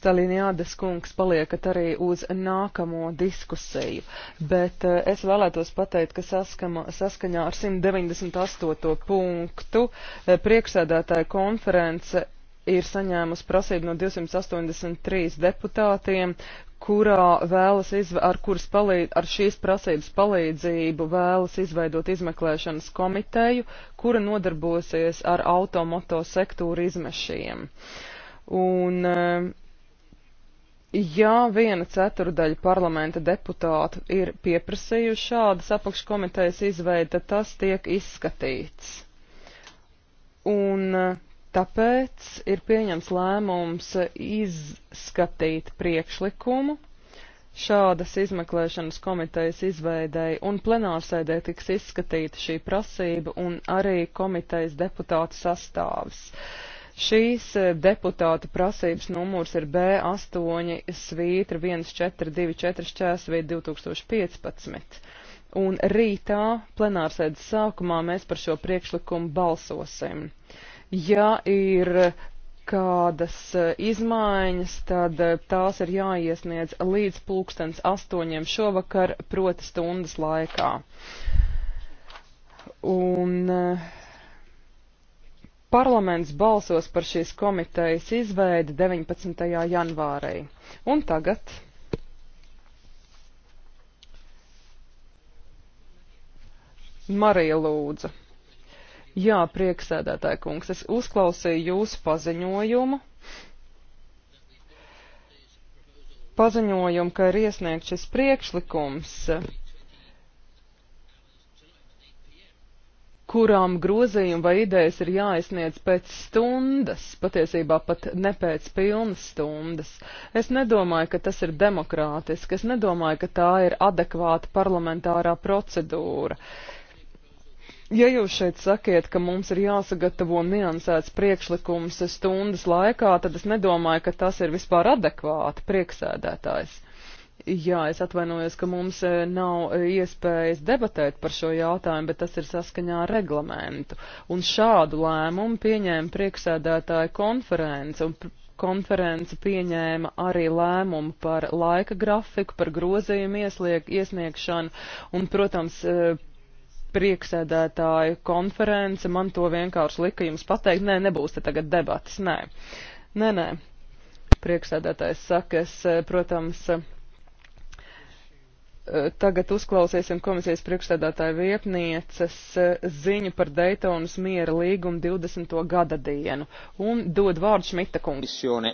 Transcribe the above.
Staliniādas kungs paliekat arī uz nākamo diskusiju, bet eh, es vēlētos pateikt, ka saskama, saskaņā ar 198. punktu eh, priekšsēdētāja konference ir saņēmusi prasību no 283 deputātiem, kurā vēlas izve, ar, kuras palīd, ar šīs prasības palīdzību vēlas izveidot izmeklēšanas komiteju, kura nodarbosies ar automoto sektoru izmešiem. Un, eh, Ja viena ceturdaļa parlamenta deputātu ir pieprasījuši šādas apakškomitejas izveidi, tad tas tiek izskatīts. Un eh, tāpēc ir pieņems lēmums izskatīt priekšlikumu šādas izmeklēšanas komitejas izveidēji, un plenārsēdē tiks izskatīta šī prasība un arī komitejas deputātu sastāvs. Uh, Šīs eh, deputāta prasības numurs ir B8 svītra 1424 čēsvīt 2015. Un rītā plenārsēdes sākumā mēs par šo priekšlikumu balsosim. Ja ir kādas eh, izmaiņas, tad eh, tās ir jāiesniedz līdz pulkstens astoņiem šovakar, proti stundas laikā. Un uh, Parlaments balsos par šīs komitejas izveidi 19. janvārī. Un tagad. Marija lūdza. Jā, prieksēdētāji kungs, es uzklausīju jūsu paziņojumu. Paziņojumu, ka ir iesniegts šis priekšlikums kurām grozījumi vai idejas ir jāizsniedz pēc stundas, patiesībā pat ne pēc pilnas stundas. Es nedomāju, ka tas ir demokrātiski, es nedomāju, ka tā ir adekvāta parlamentārā procedūra. Ja jūs šeit sakiet, ka mums ir jāsagatavo niansēts priekšlikums stundas laikā, tad es nedomāju, ka tas ir vispār adekvāti prieksēdētājs. Jā, es atvainojos, ka mums e, nav e, iespējas debatēt par šo jautājumu, bet tas ir saskaņā ar reglamentu. Un šādu lēmumu pieņēma priekšsēdētāja konference, un konference pieņēma arī lēmumu par laika grafiku, par grozījumu iesliek, iesniegšanu, un, protams, e, priekšsēdētāja konference man to vienkārši lika jums pateikt, nē, nebūs te tagad debatas, nē. Nē, nē. Priekšsēdētājs saka, es, protams, tagad uzklausīsim komisijas priekšstādātāja vietnieces e, ziņu par Daytonas miera līgumu 20. gada dienu un dod vārdu Šmita kungam.